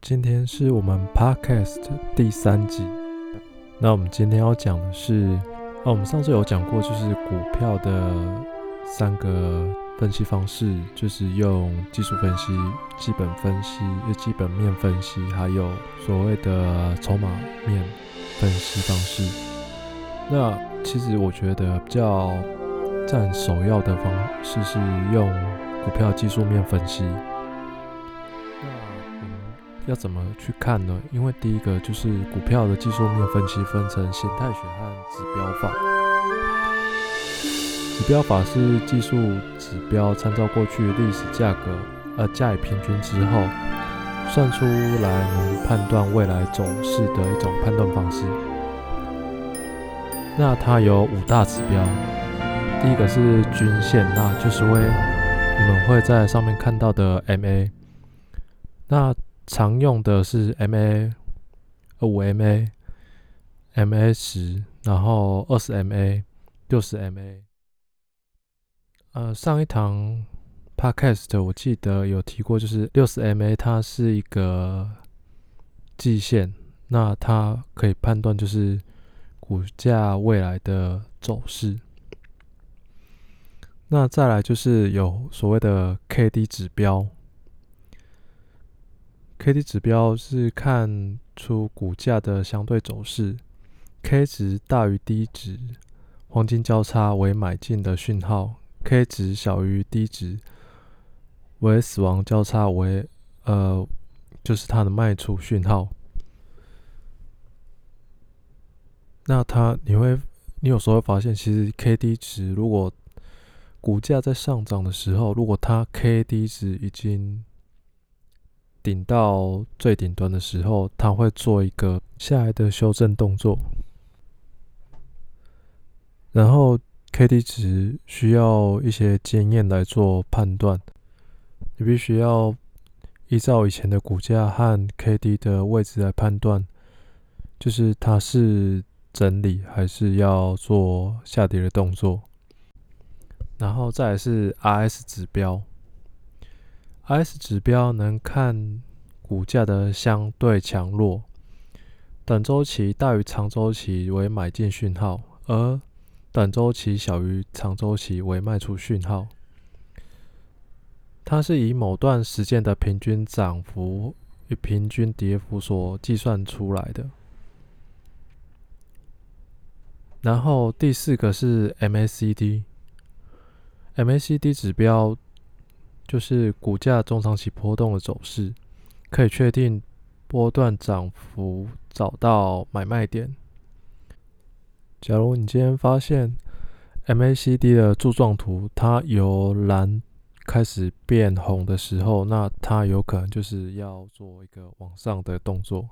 今天是我們 Podcast 第三集。那我們今天要講的是，啊，我們上次有講過，就是股票的三個分析方式，就是用技術分析、基本分析、基本面分析，還有所謂的籌碼面分析方式。那其實我覺得比較佔首要的方式是用股票技術面分析。要怎麼去看呢？因為第一個就是股票的技術面分析，分成形態學和指標法。指標法是技術指標參照過去歷史價格，呃，加以平均之後，算出來能判斷未來走勢的一種判斷方式。那它有五大指標，第一個是均線，那就是為你們會在上面看到的 MA。常用的是 MA 五、MA、MA 十，然後二十 MA、六十 MA。呃，上一堂 Podcast 我記得有提過，就是六十 MA 它是一個季線，那它可以判斷就是股價未來的走勢。那再來就是有所謂的 KD 指標。K D 指標是看出股價的相對走勢，K 值大於 D 值，黃金交叉為買進的訊號；K 值小於 D 值，為死亡交叉為呃，就是它的賣出訊號。那它你會，你有時候會發現，其實 K D 值如果股價在上漲的時候，如果它 K D 值已經。頂到最頂端的時候，它會做一個下來的修正動作。然後 KD 值需要一些經驗來做判斷，你必須要依照以前的股價和 KD 的位置來判斷，就是它是整理還是要做下跌的動作。然後再來是 RS 指標。S 指標能看股價的相對強弱，短周期大於長周期為買進訊號，而短周期小於長周期為賣出訊號。它是以某段時間的平均漲幅與平均跌幅所計算出來的。然後第四個是 MACD，MACD 指標。就是股價中長期波動的走勢，可以確定波段漲幅，找到買賣點。假如你今天發現 MACD 的柱狀圖它由藍開始變紅的時候，那它有可能就是要做一個往上的動作。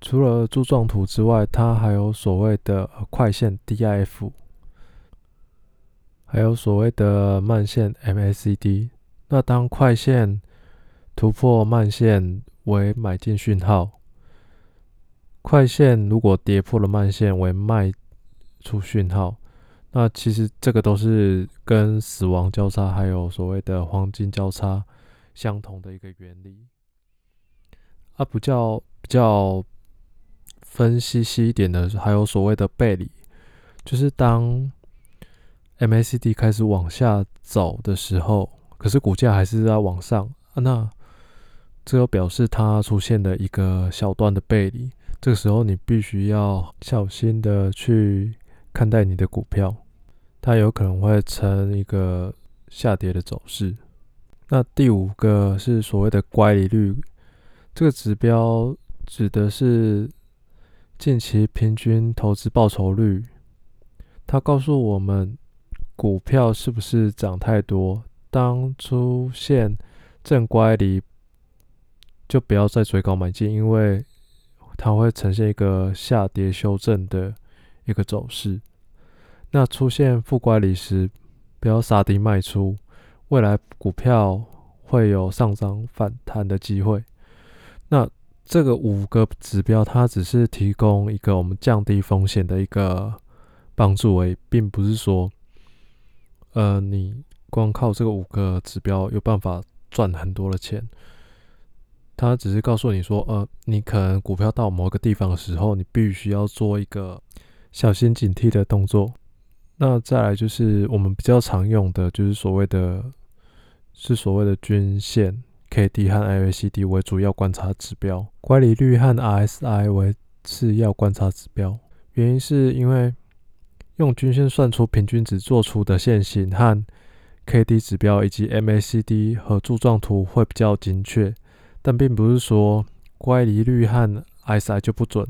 除了柱狀圖之外，它還有所謂的快線 DIF，還有所謂的慢線 MACD。那當快線突破慢線為買進訊號，快線如果跌破了慢線為賣出訊號，那其實這個都是跟死亡交叉還有所謂的黃金交叉相同的一個原理。啊比較，比較比較分析細一點的，還有所謂的背離，就是當 MACD 開始往下走的時候。可是股價還是在往上，啊、那這就表示它出現了一個小段的背離。這個時候，你必須要小心的去看待你的股票，它有可能會成一個下跌的走勢。那第五個是所謂的乖離率，這個指標指的是近期平均投資報酬率，它告訴我們股票是不是漲太多。當出現正乖離，就不要再追高買進，因為它會呈現一個下跌修正的一個走勢。那出現負乖離時，不要殺低賣出，未來股票會有上漲反彈的機會。那這個五個指標，它只是提供一個我們降低風險的一個幫助、欸，而已，並不是說，呃，你。光靠這個五個指標有辦法賺很多的錢。他只是告訴你說，呃，你可能股票到某個地方的時候，你必須要做一個小心警惕的動作。那再來就是我們比較常用的就是所謂的，是所謂的均線 K D 和 M A C D 為主要觀察指標，乖離率和 R S I 為次要觀察指標。原因是因為用均線算出平均值做出的線型和。K D 指標以及 M A C D 和柱狀圖會比較精確，但並不是說乖離率和 RSI 就不準，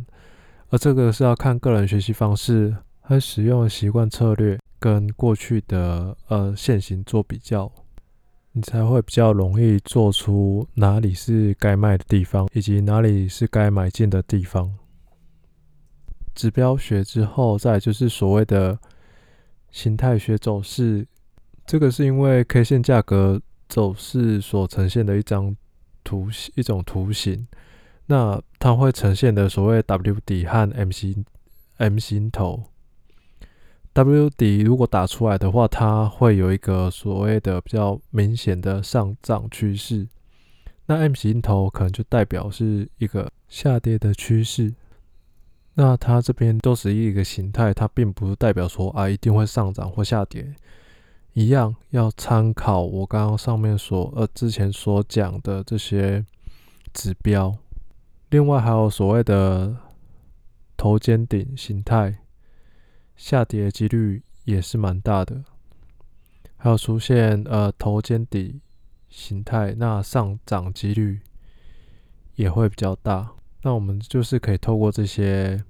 而這個是要看個人學習方式和使用習慣策略，跟過去的呃線形做比較，你才會比較容易做出哪裡是該賣的地方，以及哪裡是該買進的地方。指標學之後，再就是所謂的形態學走勢。這個是因為 K 線價格走勢所呈現的一張圖形，一種圖形，那它會呈現的所謂 W 底和 M 形 M 形頭。W 底如果打出來的話，它會有一個所謂的比較明顯的上漲趨勢。那 M 形頭可能就代表是一個下跌的趨勢。那它這邊都是一個形態，它並不代表說啊一定會上漲或下跌。一樣要參考我剛剛上面所呃之前所講的這些指標，另外還有所謂的頭肩頂形態，下跌幾率也是蠻大的；還有出現呃頭肩底形態，那上漲幾率也會比較大。那我們就是可以透過這些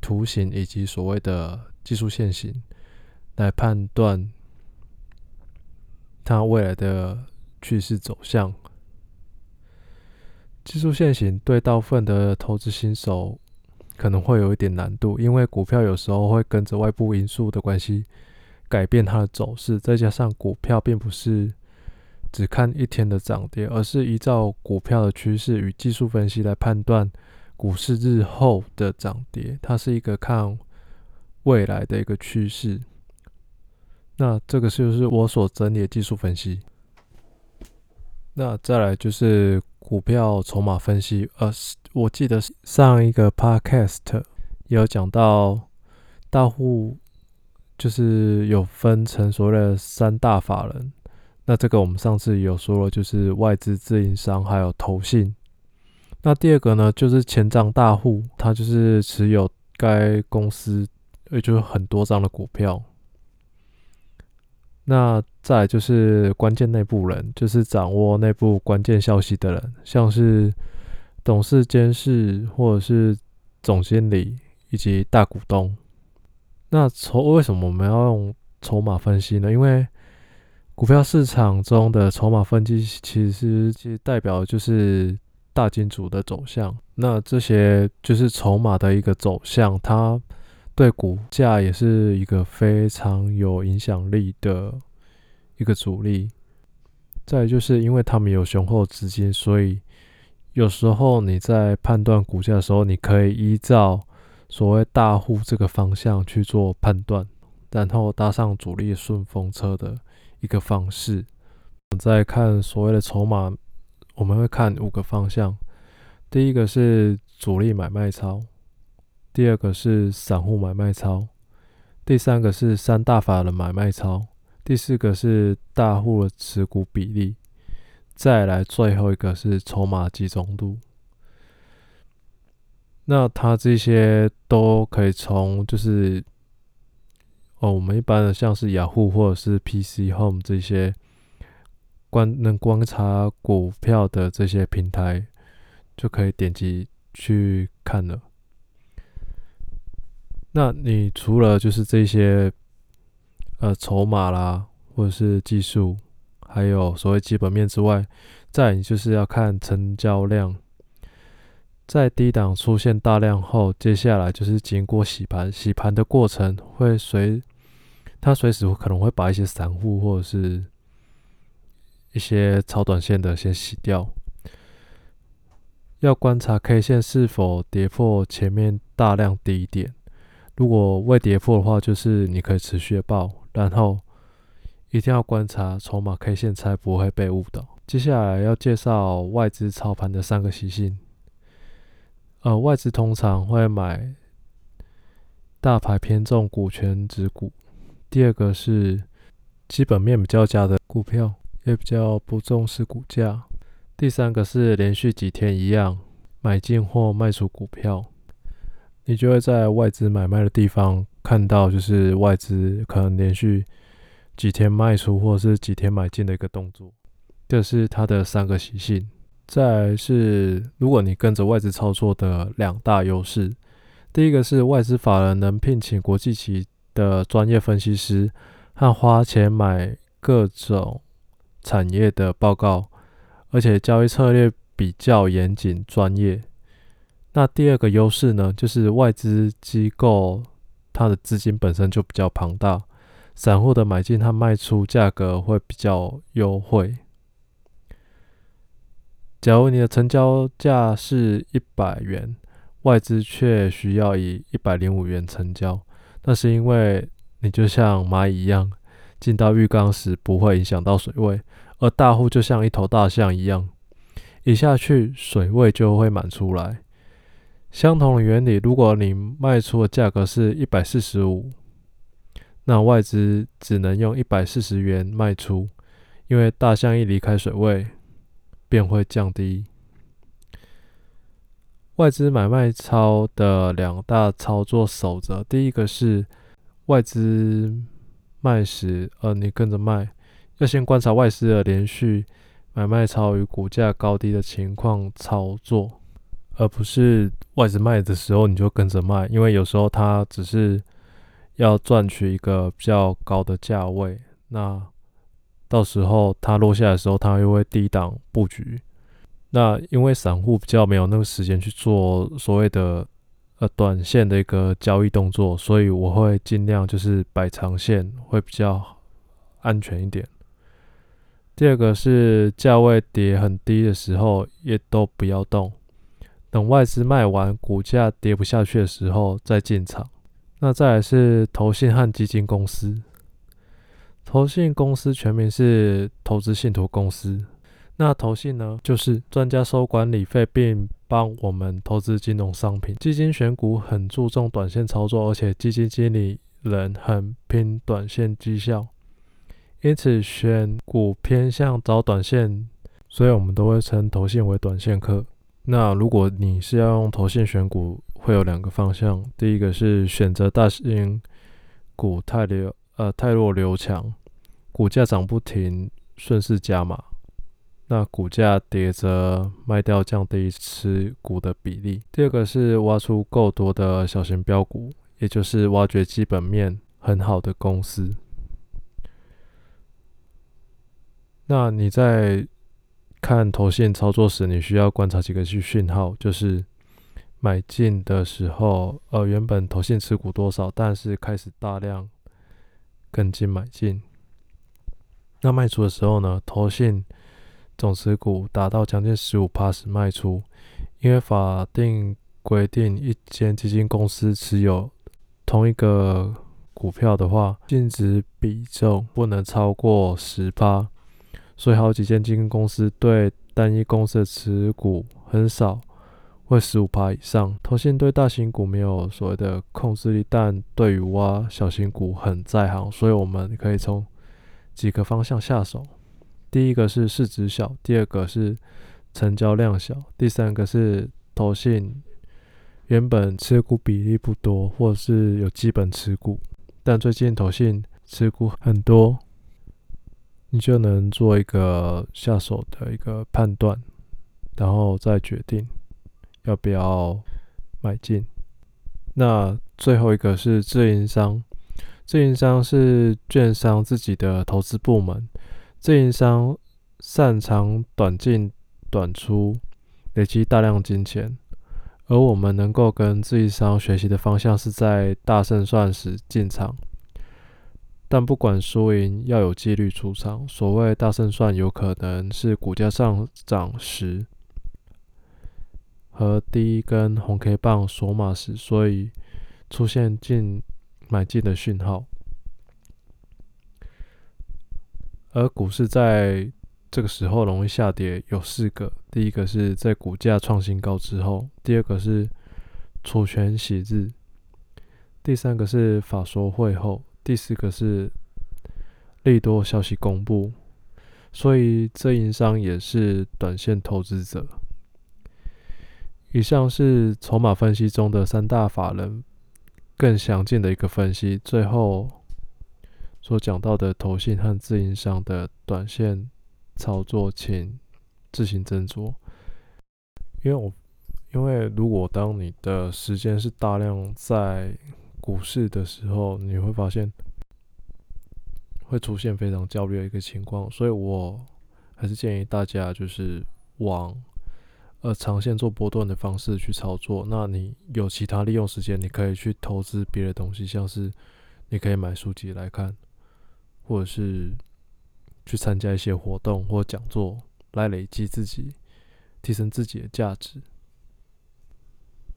圖形以及所謂的技術線型來判斷它未來的趨勢走向，技術線型對大部分的投資新手可能會有一點難度，因為股票有時候會跟着外部因素的關係改變它的走勢，再加上股票並不是只看一天的漲跌，而是依照股票的趨勢與技術分析來判斷股市日後的漲跌，它是一個看未來的一個趨勢。那這個就是我所整理的技術分析，那再來就是股票籌碼分析。呃，我記得上一個 podcast 也有講到大戶，就是有分成所謂的三大法人。那這個我們上次有說了，就是外資、自營商還有投信。那第二個呢，就是千張大戶，他就是持有該公司，也就是很多張的股票。那再來就是關鍵內部人，就是掌握內部關鍵消息的人，像是董事監事、或者是總經理以及大股東。那籌為什麼我們要用籌碼分析呢？因為股票市場中的籌碼分析，其實其實代表就是大金主的走向。那這些就是籌碼的一個走向，它對股價也是一個非常有影響力的一個主力。再就是，因為他們有雄厚資金，所以有時候你在判斷股價的時候，你可以依照所謂大戶這個方向去做判斷，然後搭上主力順風車的一個方式。我再看所謂的籌碼，我們會看五個方向。第一個是主力買賣超。第二個是散戶買賣超，第三個是三大法人買賣超，第四個是大戶的持股比例，再來最後一個是籌碼集中度。那它這些都可以從就是，哦，我們一般的像是雅虎、ah、或者是 PC Home 這些觀能觀察股票的這些平台，就可以點擊去看了。那你除了就是這些，呃，籌碼啦，或者是技術，還有所謂基本面之外，再你就是要看成交量，在低檔出現大量後，接下來就是經過洗盤，洗盤的過程會隨它隨時可能會把一些散戶或者是一些超短線的先洗掉，要觀察 K 線是否跌破前面大量低點。如果未跌破的話，就是你可以持續報，然後一定要觀察籌碼 K 線，才不會被誤導。接下來要介紹外資操盤的三個習性。呃，外資通常會買大盤偏重股權值股。第二個是基本面比較佳的股票，也比較不重視股價。第三個是連續幾天一樣買進或賣出股票。你就會在外資買賣的地方看到，就是外資可能連續幾天賣出，或者是幾天買進的一個動作，這是它的三個習性。再是，如果你跟着外資操作的兩大優勢，第一個是外資法人能聘請國際級的專業分析師，和花錢買各種產業的報告，而且交易策略比較嚴謹專業。那第二個優勢呢，就是外資機構它的資金本身就比較龐大，散戶的買進和賣出價格會比較優惠。假如你的成交價是一百元，外資卻需要以一百零五元成交，那是因為你就像螞蟻一樣進到浴缸時不會影響到水位，而大戶就像一頭大象一樣，一下去水位就會滿出來。相同的原理，如果你賣出的價格是一百四十五，那外資只能用一百四十元賣出，因為大象一離開水位便會降低。外資買賣超的兩大操作守則，第一個是外資賣時，呃，你跟着賣，要先觀察外資的連續買賣超與股價高低的情況操作。而不是外資賣的時候，你就跟着賣，因為有時候它只是要賺取一個比較高的價位。那到時候它落下來的時候，它又會低檔布局。那因為散戶比較沒有那個時間去做所謂的呃短線的一個交易動作，所以我會儘量就是擺長線，會比較安全一點。第二個是價位跌很低的時候，也都不要動。等外資賣完，股價跌不下去的時候再進場。那再來是投信和基金公司。投信公司全名是投資信托公司。那投信呢，就是專家收管理費，並幫我們投資金融商品。基金選股很注重短線操作，而且基金經理人很拼短線績效，因此選股偏向找短線，所以我們都會稱投信為短線客。那如果你是要用投信選股，會有兩個方向。第一個是選擇大型股太流，呃，汰弱留強，股價漲不停，順勢加碼。那股價跌着賣掉，降低持股的比例。第二個是挖出夠多的小型標股，也就是挖掘基本面很好的公司。那你在看頭信操作時，你需要觀察幾個訊號，就是買進的時候，呃，原本投信持股多少，但是開始大量跟進買進。那賣出的時候呢，投信總持股達到將近十五帕 s 賣出，因為法定規定，一間基金公司持有同一個股票的話，淨值比重不能超過十帕。所以好幾間基金公司對單一公司的持股很少，會十五趴以上。投信對大型股沒有所謂的控制力，但對於挖小型股很在行。所以我們可以從幾個方向下手：第一個是市值小，第二個是成交量小，第三個是投信原本持股比例不多，或是有基本持股，但最近投信持股很多。你就能做一個下手的一個判斷，然後再決定要不要買進。那最後一個是自營商，自營商是券商自己的投資部門，自營商擅長短進短出，累積大量金錢，而我們能夠跟自營商學習的方向是在大勝算時進場，但不管輸贏，要有紀律出場。所謂大勝算，有可能是股價上漲時和第一根紅 K 棒鎖碼時，所以出現進買進的訊號。而股市在這個時候容易下跌，有四個：第一個是在股價創新高之後；第二個是除權息日，第三個是法說會後。第四個是利多消息公布，所以自營商也是短線投資者。以上是籌碼分析中的三大法人更詳盡的一個分析。最後所講到的投信和自營商的短線操作，請自行斟酌。因為我，因為如果當你的時間是大量在股市的時候，你會發現會出現非常焦慮的一個情況，所以我還是建議大家就是往呃長線做波段的方式去操作。那你有其他利用時間，你可以去投資別的東西，像是你可以買書籍來看，或者是去參加一些活動或講座，來累積自己，提升自己的價值。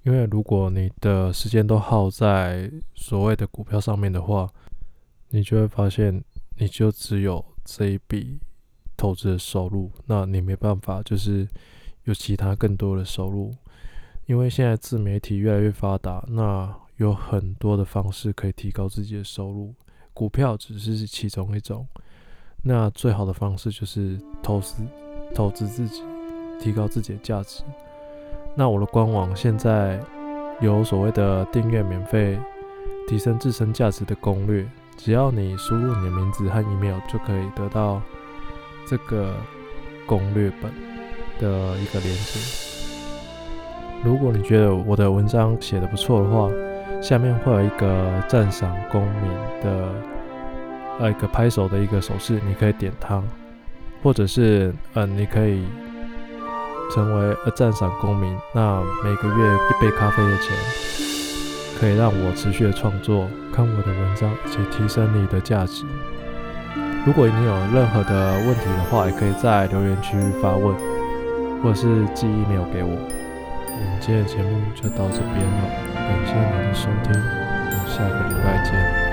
因為如果你的時間都耗在所謂的股票上面的話，你就會發現，你就只有這一筆投資的收入，那你沒辦法，就是有其他更多的收入。因為現在自媒體越來越發達，那有很多的方式可以提高自己的收入，股票只是其中一種。那最好的方式就是投資，投資自己，提高自己的價值。那我的官網現在有所謂的訂閱免費提升自身價值的攻略，只要你輸入你的名字和 email 就可以得到這個攻略本的一個連接。如果你覺得我的文章寫得不錯的話，下面會有一個讚賞功名的呃一個拍手的一個手勢，你可以點它，或者是嗯、呃、你可以。成為呃贊賞公民，那每個月一杯咖啡的錢，可以讓我持續的創作，看我的文章，以及提升你的價值。如果你有任何的問題的話，也可以在留言區發問，或者是寄 email 給我。嗯，我們今天的節目就到這邊了，感謝你的收聽，嗯，我們下個禮拜見。